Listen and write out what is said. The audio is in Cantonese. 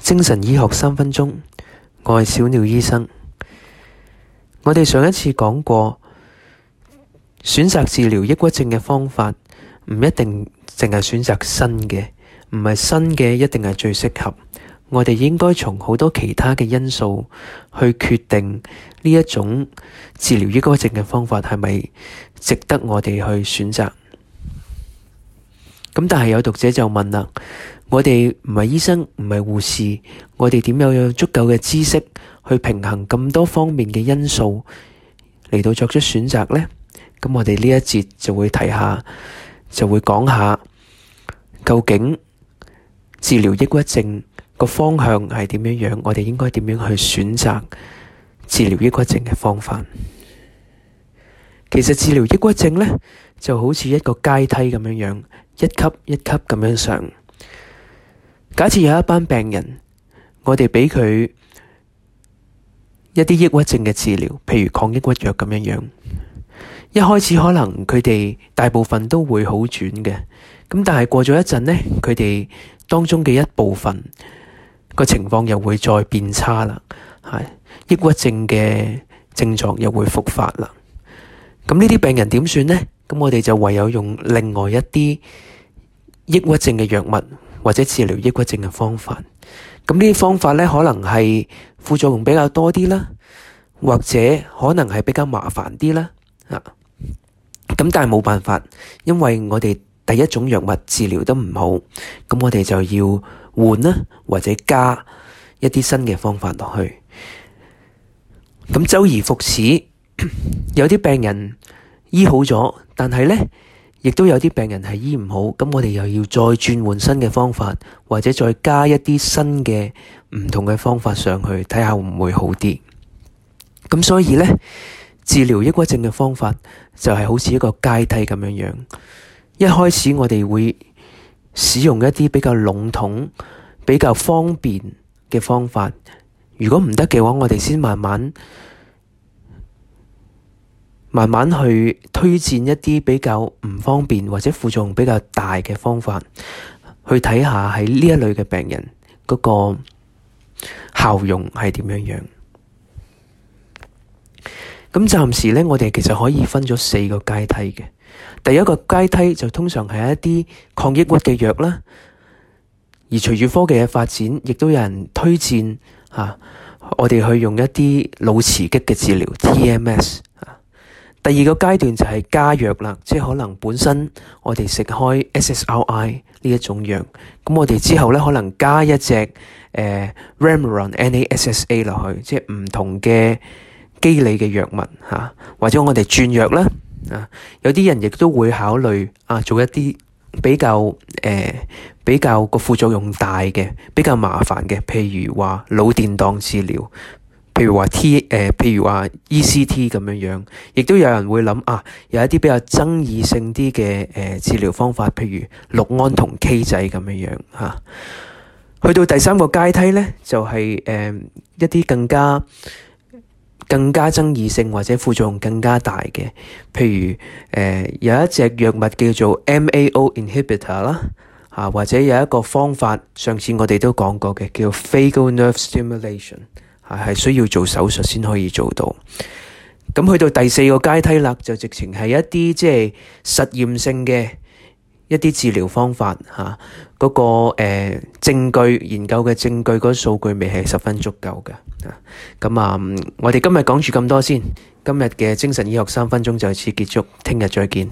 精神醫學三分鐘，我係小鳥醫生。我哋上一次講過，選擇治療抑鬱症嘅方法唔一定淨係選擇新嘅，唔係新嘅一定係最適合。我哋應該從好多其他嘅因素去決定呢一種治療抑鬱症嘅方法係咪值得我哋去選擇。咁但係有讀者就問啦。我哋唔係醫生，唔係護士，我哋點有有足夠嘅知識去平衡咁多方面嘅因素嚟到作出選擇呢？咁我哋呢一節就會睇下，就會講下究竟治療抑鬱症個方向係點樣樣？我哋應該點樣去選擇治療抑鬱症嘅方法？其實治療抑鬱症呢，就好似一個階梯咁樣樣，一級一級咁樣上。假設有一班病人，我哋畀佢一啲抑鬱症嘅治療，譬如抗抑鬱藥咁樣樣。一開始可能佢哋大部分都會好轉嘅，咁但係過咗一陣呢，佢哋當中嘅一部分個情況又會再變差啦，係抑鬱症嘅症狀又會復發啦。咁呢啲病人點算呢？咁我哋就唯有用另外一啲抑鬱症嘅藥物。或者治療抑鬱症嘅方法，咁呢啲方法咧，可能係副作用比較多啲啦，或者可能係比較麻煩啲啦啊。咁但係冇辦法，因為我哋第一種藥物治療得唔好，咁我哋就要換啦，或者加一啲新嘅方法落去。咁周而復始， 有啲病人醫好咗，但係咧。亦都有啲病人係醫唔好，咁我哋又要再轉換新嘅方法，或者再加一啲新嘅唔同嘅方法上去，睇下會唔會好啲。咁所以呢，治療抑鬱症嘅方法就係好似一個階梯咁樣樣。一開始我哋會使用一啲比較籠統、比較方便嘅方法，如果唔得嘅話，我哋先慢慢，慢慢去推薦一啲比較唔方便或者副作用比較大嘅方法，去睇下喺呢一類嘅病人嗰個效用係點樣樣。咁暫時咧，我哋其實可以分咗四個階梯嘅。第一個階梯就通常係一啲抗抑鬱嘅藥啦，而隨住科技嘅發展，亦都有人推薦吓，啊，我哋去用一啲腦磁激嘅治療 （TMS） 啊。第二個階段就係加藥啦，即係可能本身我哋食開 SSRI 呢一種藥，咁我哋之後咧可能加一隻誒、呃、Remeron NaSSA 落去，即係唔同嘅機理嘅藥物嚇、啊，或者我哋轉藥咧啊，有啲人亦都會考慮啊，做一啲比較誒、呃、比較個副作用大嘅、比較麻煩嘅，譬如話腦電盪治療。譬如話 T 誒、呃，譬如話 ECT 咁樣樣，亦都有人會諗啊，有一啲比較爭議性啲嘅誒治療方法，譬如氯胺同 K 仔咁樣樣嚇、啊。去到第三個階梯咧，就係、是、誒、呃、一啲更加更加爭議性或者副作用更加大嘅，譬如誒、呃、有一隻藥物叫做 MAO inhibitor 啦、啊、嚇，或者有一個方法，上次我哋都講過嘅，叫做 vagal nerve stimulation。係需要做手術先可以做到，咁去到第四個階梯啦，就直情係一啲即係實驗性嘅一啲治療方法吓，嗰個誒證據研究嘅證據嗰個數據未係十分足夠嘅吓，咁啊，我哋今日講住咁多先，今日嘅精神醫學三分鐘就此結束，聽日再見。